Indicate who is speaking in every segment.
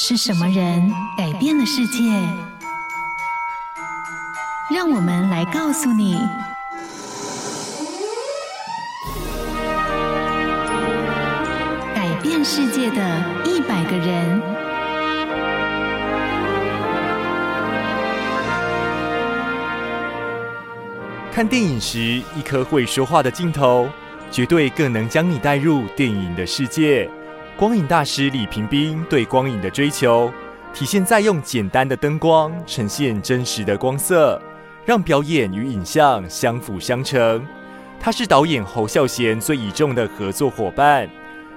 Speaker 1: 是什麼人改變了世界？讓我們來告訴你，改變世界的一百個人。看電影時，一顆會說話的鏡頭，絕對更能將你帶入電影的世界。光影大師李屏賓對光影的追求，體現在用簡單的燈光呈現真實的光色，讓表演與影像相輔相成。他是導演侯孝賢最倚重的合作夥伴，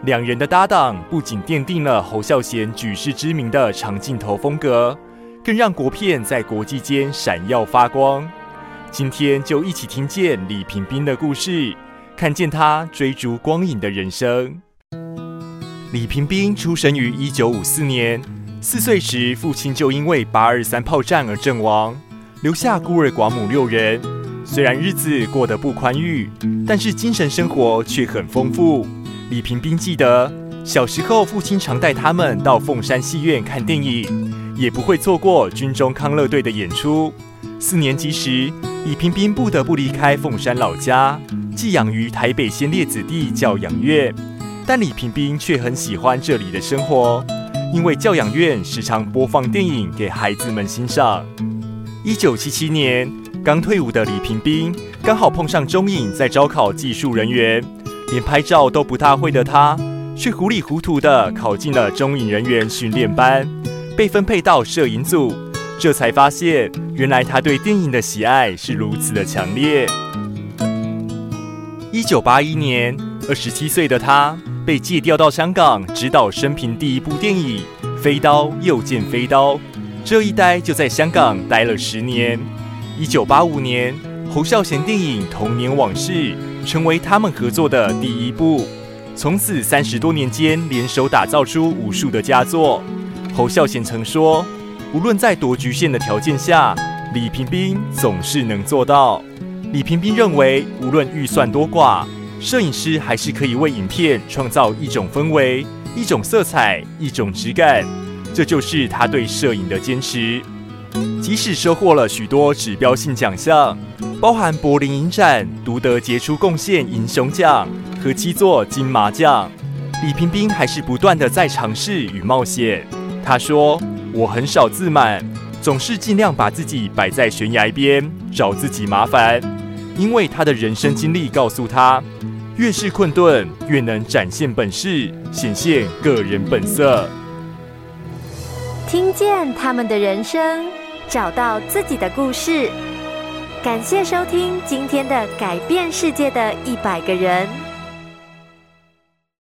Speaker 1: 兩人的搭檔不僅奠定了侯孝賢舉世知名的長鏡頭風格，更讓國片在國際間閃耀發光。今天就一起聽見李屏賓的故事，看見他追逐光影的人生。李屏賓出生於一九五四年，四歲時父親就因為八二三炮戰而陣亡，留下孤兒寡母六人。雖然日子過得不寬裕，但是精神生活卻很豐富。李屏賓記得小時候，父親常帶他們到鳳山戲院看電影，也不會錯過軍中康樂隊的演出。四年級時，李屏賓不得不離開鳳山老家，寄養於台北先烈子弟教養院。但李屏賓卻很喜歡這裡的生活，因為教養院時常播放電影給孩子們欣賞。一九七七年，剛退伍的李屏賓剛好碰上中影在招考技術人員，連拍照都不大會的他，卻糊里糊塗地考進了中影人員訓練班，被分配到攝影組，這才發現原來他對電影的喜愛是如此的強烈。一九八一年，二十七歲的他。被借調到香港指導生平第一部電影《飛刀又見飛刀》，這一待就在香港待了十年。一九八五年，侯孝賢電影《童年往事》成為他們合作的第一部，從此三十多年間聯手打造出無數的佳作。侯孝賢曾說：“無論在多局限的條件下，李屏賓總是能做到。”李屏賓認為，無論預算多寡。攝影師還是可以為影片創造一種氛圍、一種色彩、一種質感，這就是他對攝影的堅持。即使收穫了許多指標性獎項，包含柏林影展獨得傑出貢獻銀熊獎和七座金馬獎，李屏賓還是不斷地在嘗試與冒險。他說：“我很少自滿，總是盡量把自己擺在懸崖邊，找自己麻煩，因為他的人生經歷告訴他。”越是困頓，越能展現本事，顯現個人本色。聽見他們的人生，找到自己的故事。感謝收聽今天的《改變世界的一百個人》。